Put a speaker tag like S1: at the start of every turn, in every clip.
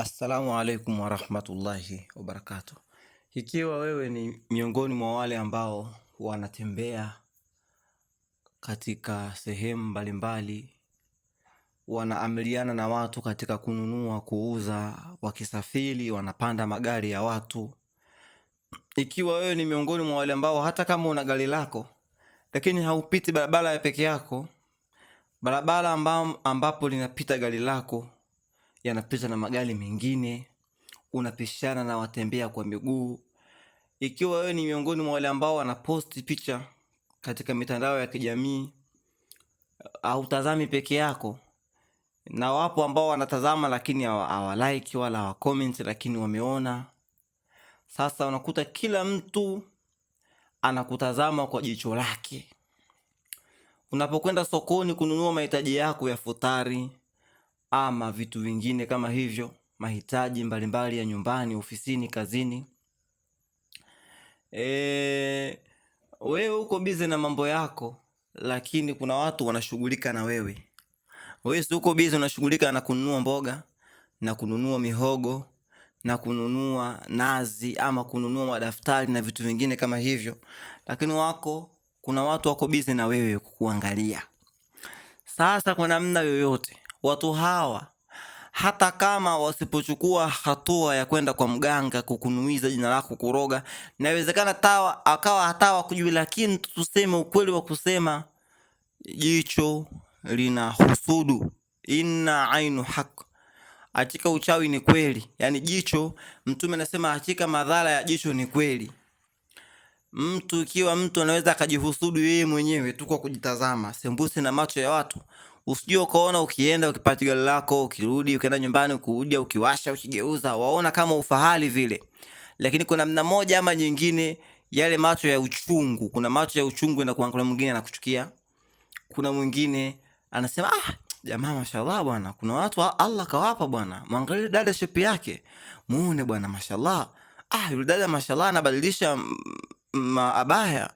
S1: Assalamu alaikum warahmatullahi wabarakatuh. Ikiwa wewe ni miongoni mwa wale ambao wanatembea katika sehemu mbalimbali, wanaamiliana na watu katika kununua, kuuza, wakisafiri wanapanda magari ya watu, ikiwa wewe ni miongoni mwa wale ambao hata kama una gari lako lakini haupiti barabara ya peke yako, barabara ambapo linapita gari lako yanapita na magari mengine, unapishana na watembea kwa miguu. Ikiwa wewe ni miongoni mwa wale ambao wanaposti picha katika mitandao ya kijamii, hautazami peke yako, na wapo ambao wanatazama lakini hawalike wala hawacomment, lakini wameona. Sasa unakuta kila mtu anakutazama kwa jicho lake. Unapokwenda sokoni kununua mahitaji yako ya futari ama vitu vingine kama hivyo, mahitaji mbalimbali ya nyumbani, ofisini, kazini. E, wewe uko bize na mambo yako, lakini kuna watu wanashughulika na wewe. Wewe si uko bize unashughulika na kununua mboga na kununua mihogo na kununua nazi ama kununua madaftari na vitu vingine kama hivyo, lakini wako kuna watu wako bize na wewe kukuangalia. Sasa kwa namna yoyote watu hawa hata kama wasipochukua hatua ya kwenda kwa mganga kukunuiza jina lako kuroga, inawezekana tawa akawa hatawa kujui, lakini tuseme ukweli wa kusema jicho lina husudu, inna ainu haq, achika uchawi ni kweli. Yani jicho, Mtume anasema achika madhara ya jicho ni kweli. Mtu ikiwa mtu anaweza akajihusudu yeye mwenyewe tu kwa kujitazama, sembuse na macho ya watu usije ukaona ukienda ukipata gari lako ukirudi ukienda nyumbani ukuja ukiwasha ukigeuza waona kama ufahari vile, lakini kuna namna moja ama nyingine, yale macho ya uchungu. Kuna macho ya uchungu na kuangalia mwingine anakuchukia, kuna mwingine anasema ah, jamaa mashallah bwana, kuna watu Allah kawapa bwana, mwangalie dada shepi yake muone bwana, mashallah ah, yule dada mashallah anabadilisha mabaya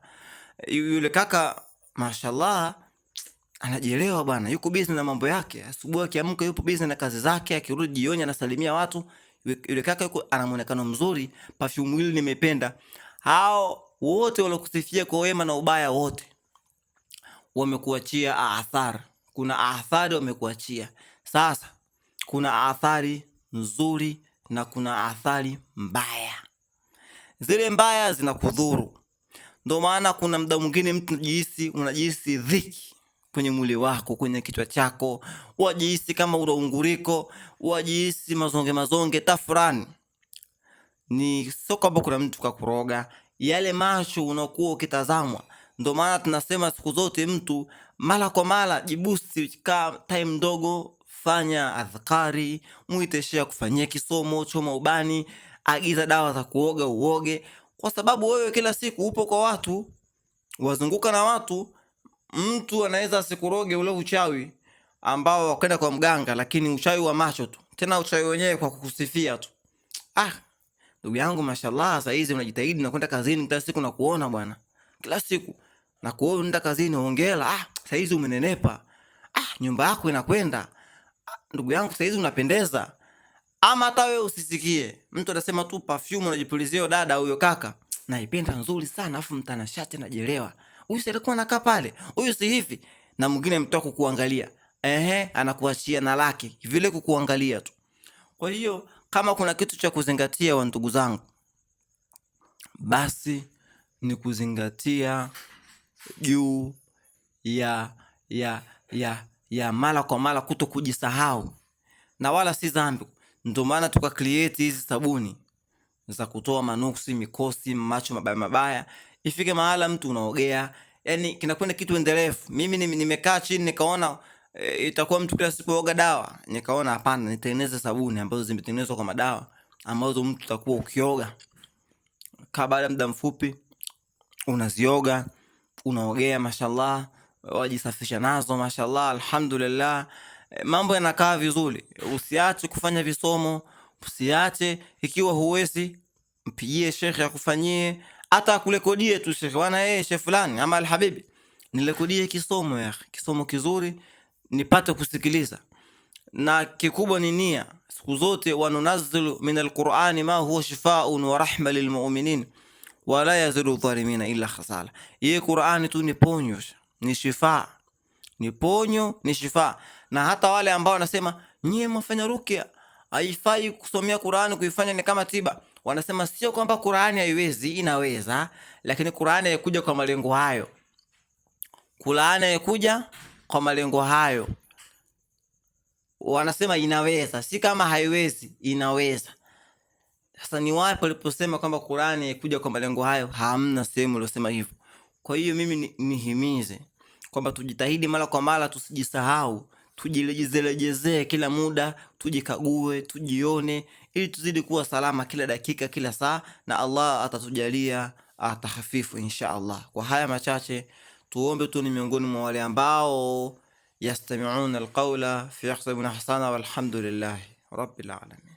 S1: yule kaka mashallah anajielewa bwana, yuko busy na mambo yake. Asubuhi akiamka yupo busy na kazi zake, akirudi jioni anasalimia watu. Yule kaka yuko ana muonekano mzuri, perfume hili nimependa. Hao wote waliokusifia kwa wema na ubaya, wote wamekuachia athari. Kuna athari wamekuachia. Sasa kuna athari nzuri na kuna athari mbaya. Zile mbaya zinakudhuru, ndo maana kuna mda mwingine mtu unajihisi unajihisi dhiki kwenye mwili wako, kwenye kichwa chako, wajihisi kama unaunguriko, wajihisi mazonge mazonge tafurani. Ni sio kwamba kuna mtu kakuroga, yale macho unakuwa ukitazamwa. Ndo maana tunasema siku zote mtu mara kwa mara jibusti, kaa time ndogo, fanya adhkari, mwite kufanyia kisomo, choma ubani, agiza dawa za kuoga uoge, kwa sababu wewe kila siku upo kwa watu, wazunguka na watu mtu anaweza asikuroge ule uchawi ambao wakwenda kwa mganga, lakini uchawi wa macho tu, tena uchawi wenyewe kwa kukusifia tu. Ah, ndugu yangu, mashallah, saa hizi unajitahidi na kwenda kazini kila siku, nakuona bwana, kila siku nakuona unaenda kazini, hongera. Ah, saa hizi umenenepa. Ah, nyumba yako inakwenda. Ah, ndugu yangu, saa hizi unapendeza. Ama hata wewe usisikie mtu anasema tu perfume unajipulizia, dada huyo kaka naipenda nzuri sana, afu mtanashati najelewa huyu si alikuwa anakaa pale, huyu si hivi, na mwingine mtoa kukuangalia, ehe, anakuachia na lake vile kukuangalia tu. Kwa hiyo kama kuna kitu cha kuzingatia, wa ndugu zangu, basi ni kuzingatia juu ya ya ya ya mara kwa mara kuto kujisahau, na wala si dhambi. Ndio maana tuka create hizi sabuni za kutoa manuksi, mikosi, macho mabaya mabaya ifike mahala mtu unaogea, yani kinakwenda kitu endelevu. Mimi nimekaa chini nikaona e, itakuwa mtu kila siku oga dawa, nikaona hapana, nitengeneze sabuni ambazo zimetengenezwa kwa madawa ambazo mtu utakuwa ukioga kaa, baada muda mfupi unazioga, unaogea, mashallah, wajisafisha nazo, mashallah, alhamdulillah, eh, mambo yanakaa vizuri. Usiache kufanya visomo, usiache. Ikiwa huwezi, mpigie shekhe akufanyie hata akurekodie tu shekhe wana yeye shekhe fulani ama alhabibi, nirekodie kisomo ya kisomo kizuri nipate kusikiliza. Na kikubwa ni nia. Siku zote wanunazzilu min alqurani ma huwa shifaun wa rahma lilmuminin wala yazilu dhalimina illa khasala yeye Qurani tu ni ponyo ni shifa ni ponyo ni shifa. Na hata wale ambao wanasema nyie mwafanya rukia haifai kusomea Qurani kuifanya ni kama tiba wanasema sio kwamba Qur'ani haiwezi, inaweza, lakini Qur'ani haikuja kwa malengo hayo. Qur'ani haikuja kwa malengo hayo. Wanasema inaweza, si kama haiwezi, inaweza. Sasa ni wapi waliposema kwamba Qur'ani haikuja kwa malengo hayo? Hamna sehemu iliyosema hivyo. Kwa hiyo mimi nihimize kwamba tujitahidi mara kwa mara, tusijisahau tujilejezelejezee kila muda, tujikague, tujione, ili tuzidi kuwa salama kila dakika, kila saa, na Allah atatujalia atahafifu insha Allah. Kwa haya machache, tuombe tu ni miongoni mwa wale ambao yastamiuna alqaula fi yahsabuna ahsana, walhamdulillahi rabbil alamin.